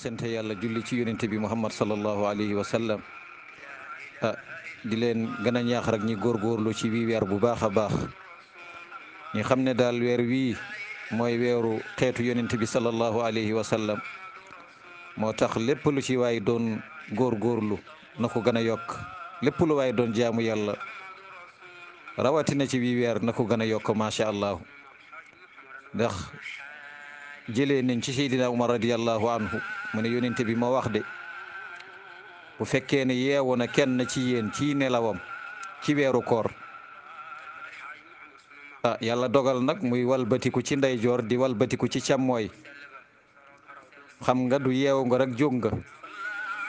sant yàlla julli ci yonent bi muhammad sallallahu alayhi wa sallam ah di leen gën a ñaax rek ñi góorgóorlu ci wi weer bu baax a baax ñu xam ne daal weer wii mooy weeru xeetu yonent bi sallallahu alayhi wa sallam moo tax lépp lu ci waay doon góorgóorlu na ko gën a yokk lépp lu waay doon jaamu yàlla rawatina ci wi weer na ko gën a yokk macha allah ndax jëlee nañ ci Seydina Umar radiyallahu anhu mu ne yonente bi ma wax de bu fekkee ne yeewoo na kenn ci yéen ci nelawam ci weeru koor ah yàlla dogal nag muy walbatiku ci ndeyjoor di walbatiku ci càmmooy xam nga du yeewu nga rek jóg nga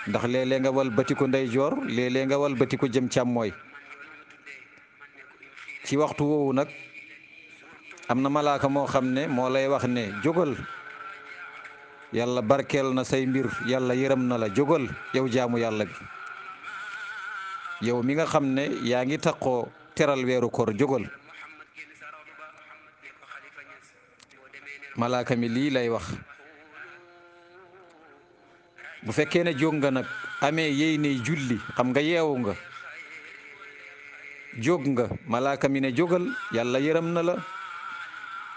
ndax léeg-léeg nga walbatiku ndeyjoor léeg-léeg nga walbatiku jëm càmmooy ci waxtu woowu nag am na malaaka moo xam ne moo lay wax ne jógal yàlla barkeel na say mbir yàlla yërëm na la jógal yow jaamu yàlla bi yow mi nga xam ne yaa ngi taqoo teral weeru koor jógal malaaka mi lii lay wax bu fekkee ne jóg nga nag ame yéy ne julli xam nga yeewu nga jóg nga malaaka mi ne jógal yàlla yërëm na la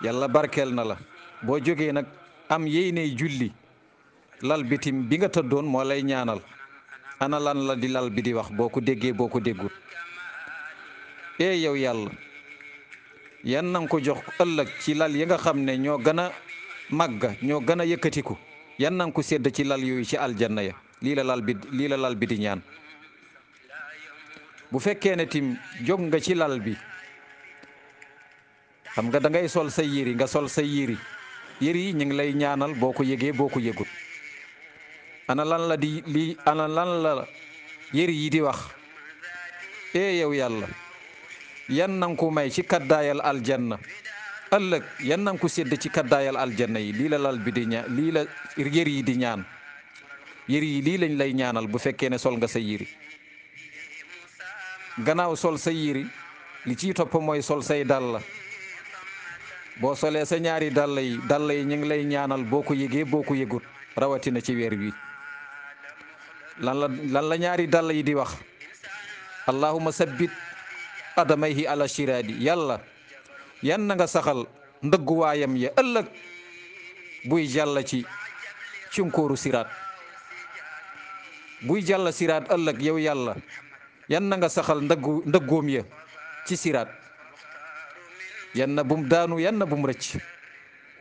yàlla barkeel na la boo jógee nag am yéeney julli lal bitim bi nga tëddoon moo lay ñaanal ana lan la di lal bi di wax boo ko déggee boo ko déggul ee yow yàlla yan nanga jox ëllëg ci lal yi nga xam ne ñoo gën a màgg ñoo gën a yëkkatiku yan nanga ko sédd ci lal yooyu ci aljanna ya lii la lal bi lii la lal bi di ñaan bu fekkee ne tim jóg nga ci lal bi xam nga dangay ngay sol sa yëri nga sol sa yëri yëri ñu ngi lay ñaanal boo ko yégee boo ko yëgut ana lan la di lii ana lan la yëri yi di wax ee eh, yow yàlla yan nanga ko may ci kaddaayal aljanna ëllëg yan nanga ko ci kaddaayal aljanna yi lii la lal bi di ñaan lii yi di ñaan yëri yi lii lañ lay ñaanal bu fekkee ne sol nga sa yéri gannaaw sol sa yëri li ciy topp mooy sol say dàll la boo solee sa ñaari dàll yi dàll yi ñu ngi lay ñaanal boo ko yégee boo ko yëgut rawatina ci weer wi lan la lan la ñaari dàll yi di wax allahuma sabbit adamayhi ala shiraadi yàlla yan na nga saxal ndëgguwaayam ya ëllëg buy jàll ci cunkóoru siraat buy jàll siraat ëllëg yow yàlla yan na nga saxal ndëggoom ya ci siraat yan na bum daanu yan na bum rëcc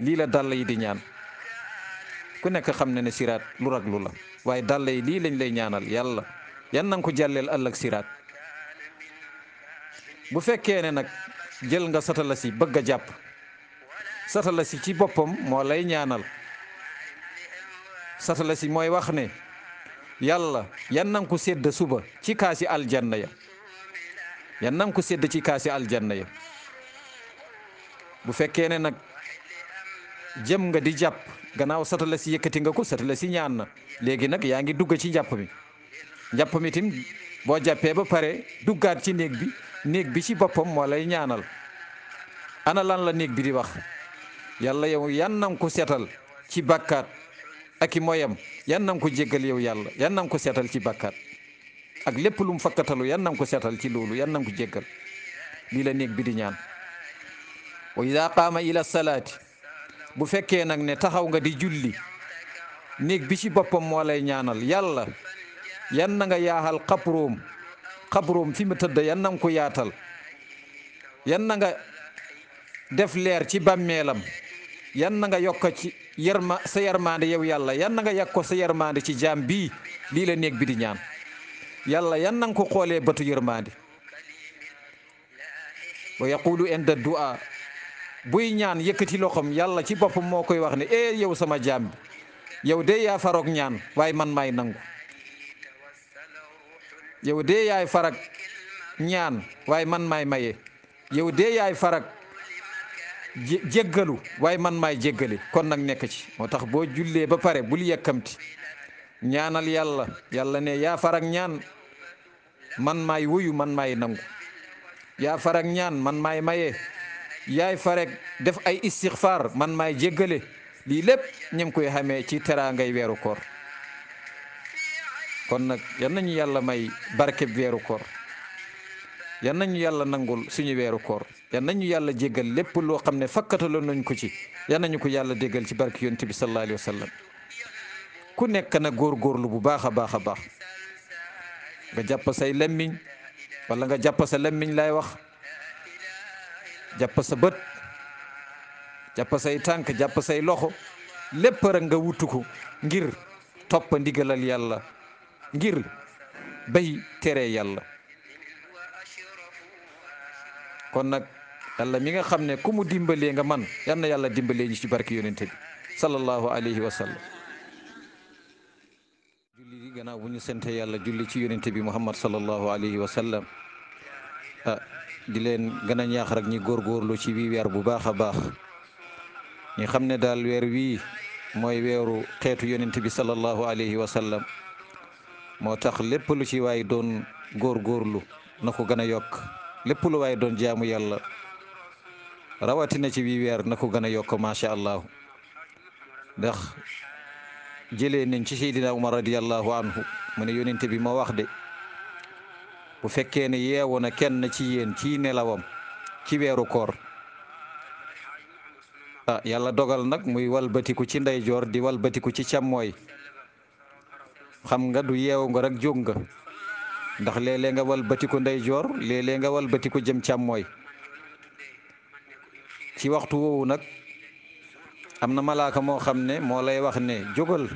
lii la dàll yi di ñaan ku nekk xam na ne siraat lu raglu la waaye dàll yi lii lañ lay ñaanal yàlla yan na nga ko jàlleel ëllëg siraat bu fekkee ne nag jël nga satala si bëgg a jàpp satala si ci boppam moo lay ñaanal satala si mooy wax ne yàlla yan na sedd ko suba ci kaasi aljanna ya yan na nga ko sédd ci kaasi aljanna ya bu fekkee ne nag jëm nga di jàpp gannaaw satala si yëkkati nga ko satala si ñaan na léegi nag yaa ngi dugg ci jàpp mi jàpp mi tim boo jàppee ba pare duggaat ci néeg bi néeg bi ci boppam moo lay ñaanal ana lan la néeg bi di wax yàlla yow yan nang ko seetal ci bàkkaat ak i moyam yan nang ko jéggal yow yàlla yan nang ko seetal ci bàkkaat ak lépp lu mu fakkatalu yan nang ko seetal ci loolu yan nang ko jéggal lii la néeg bi di ñaan wa ida qaama ila salaati bu fekkee nag ne taxaw nga di julli néeg bi ci boppam moo ñaanal yàlla yan na nga yaaxal xabroom xabroom fi mu tëdd yan na ko yaatal yan na nga def leer ci bàmmeelam yan na nga yokk ci yarma sa yarmaande yow yàlla yan na nga yàg sa yarmaande ci jaam bi lii la néeg bi di ñaan yàlla yan na nga ko xoolee bëtu yarmaande wa yaqulu du'a buy ñaan yëkkati loxoom yàlla ci boppam moo koy wax ne eh yow sama jaam bi yow de yaa ñaan waaye man maay nangu yow de yaay farag ñaan waaye man maay maye yow de yaay farag jéggalu waaye man maay jéggale kon nag nekk ci moo tax boo jullee ba pare bul yekkamti ñaanal yàlla yàlla ne yaa farag ñaan man maay wuyu man maay nangu yaa farag ñaan man maay maye yaay fa def ay istixfaar man may jéggale lii lépp ñu koy xamee ci teraangay weeru koor kon nag yan nañu yàlla may barkeb weeru koor yan nañu yàlla nangul suñu weeru koor yan nañu yàlla jéggal lépp loo xam ne fakkataloon nañ ko ci yan nañu ko yàlla déggal ci barke yoon bi sallallahu alayhi wa sallam ku nekk na góor góorgóorlu bu baax a baax a baax nga jàpp say lemmiñ wala nga jàpp sa lemmiñ lay wax jàpp sa bët jàpp say tànk jàpp say loxo lépp rek nga wutu ko ngir topp ndigalal yàlla ngir bay tere yàlla kon nag yàlla mi nga xam ne ku mu dimbalee nga man yal na yàlla dimbalee ñu ci barke yonente bi sallallahu alayhi wa sallam julli ñu sante yàlla julli ci yonente bi muhammad sallallahu alayhi wa sallam Ah, di leen gën a ñaax rek ñi góorgóorlu ci wi weer bu baax a baax ñi xam ne daal weer wii mooy weeru xeetu yonent bi sallallahu alayhi wa sallam moo tax lépp lu ci waay doon góorgóorlu na ko gën a yokk lépp lu waay doon jaamu yàlla rawatina ci wi weer na ko gën a yokk macha allah ndax jëlee nañ ci seydina umar radiallahu anhu mu ne yonent bi moo wax de bu fekkee ne yeewu na kenn ci yéen ci nelawam ci weeru koor ah yàlla dogal nag muy walbatiku ci ndeyjoor di walbatiku ci càmmooy xam nga du yeewu nga rek jóg nga ndax léeg-léeg walbatiku ndeyjoor léeg-léeg nga walbatiku jëm càmmooy ci waxtu woowu nag am na malaaka moo xam ne moo lay wax ne jógal